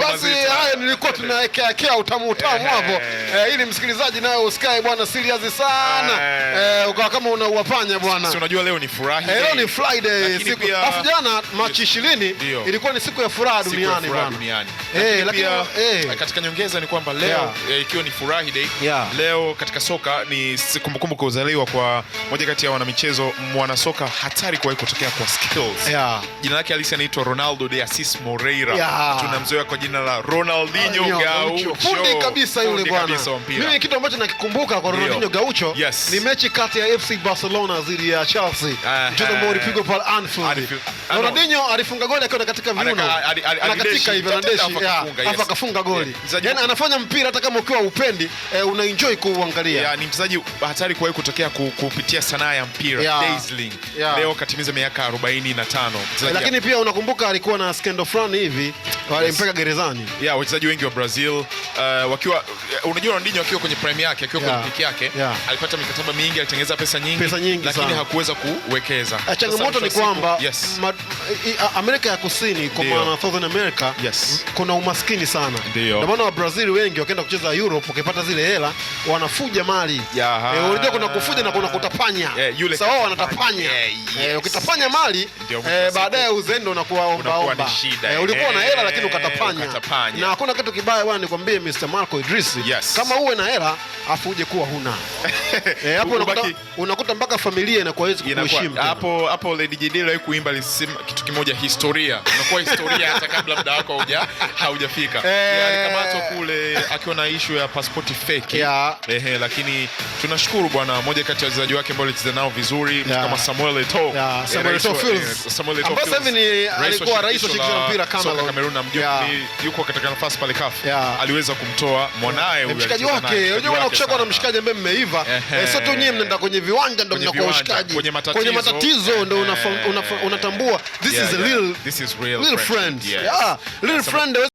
basi tunawekeakea utamu utamu hapo eh, ili msikilizaji naye usikae bwana serious sana eh, ukawa kama unauwapanya bwana. Si unajua leo ni furahi, eh, leo ni Friday siku pia... afu jana Machi ishirini ilikuwa ni siku ya furaha duniani bwana eh, lakini eh. eh, katika nyongeza ni kwamba leo yeah. E, ikiwa ni furahi day yeah. Leo katika soka ni kumbukumbu kwa uzaliwa kwa moja kati ya wanamichezo mwanasoka hatari kuwahi kutokea kwa skills yeah. Jina lake halisi anaitwa Ronaldo de Assis Moreira yeah. Tunamzoea kwa jina la Ronaldinho uh, Ronaldinho Gaucho, fundi kabisa yule bwana. Mimi kitu ambacho nakikumbuka kwa Ronaldinho Gaucho yes. ni mechi kati ya FC Barcelona dhidi ya Chelsea, mchezo ambao ulipigwa pale Anfield. Ronaldinho alifunga goli akiwa katika viuno, anakatika hivi Hapa kafunga goli. Yaani anafanya mpira hata kama ukiwa upendi eh, unaenjoy kuuangalia. Ni mchezaji hatari kuwahi kutokea kupitia sanaa ya mpira. Dazzling leo katimiza miaka 45, lakini pia unakumbuka alikuwa na skendo fulani hivi mpaka gerezani. Yeah, wachezaji wengi wa Brazil Uh, wakiwa uh, unajua Ronaldinho akiwa kwenye prime yake akiwa yeah. kwenye peak yake yeah. alipata mikataba mingi, alitengeneza pesa nyingi, pesa nyingi lakini sana. hakuweza kuwekeza. Eh, changamoto ni kwamba yes. Amerika ya Kusini kwa maana South America yes. kuna umaskini sana, ndio maana wa Brazil wengi wakaenda kucheza Europe wakipata zile hela wanafuja mali yeah. eh, unajua kuna kufuja na kuna kutapanya yeah, yule sawa wanatapanya yeah, eh, yes. eh, ukitapanya mali eh, baadaye uzendo unakuwa omba omba, eh, ulikuwa na hela lakini ukatapanya, na hakuna kitu kibaya bwana, nikwambie Mr. Marco Idrisi yes. Kama uwe na hela afu uje kuwa huna eh, hapo unakuta, unakuta mpaka familia inakuwa hawezi kuheshimu hapo hapo. Lady JD leo kuimba lisema kitu kimoja, historia unakuwa historia hata kabla muda wako hauja haujafika. eh, Alikamatwa kule akiwa na issue ya passport fake yeah. Ehe, lakini tunashukuru bwana, moja kati ya wachezaji wake ambao alicheza nao vizuri yeah. kama Samuel Eto'o yeah. Eh, Samuel Eto'o ambaye hivi ni alikuwa rais wa shirikisho la mpira Cameroon na mjumbe yuko katika nafasi pale CAF aliweza kuweza kumtoa mwanae mshikaji wake. Unajua kuna kushaka na mshikaji ambaye mmeiva, eh, sasa tu nyinyi mnaenda kwenye viwanja ndio mnakuwa mshikaji kwenye matatizo ndio unatambua this is a real real friend, yeah real friend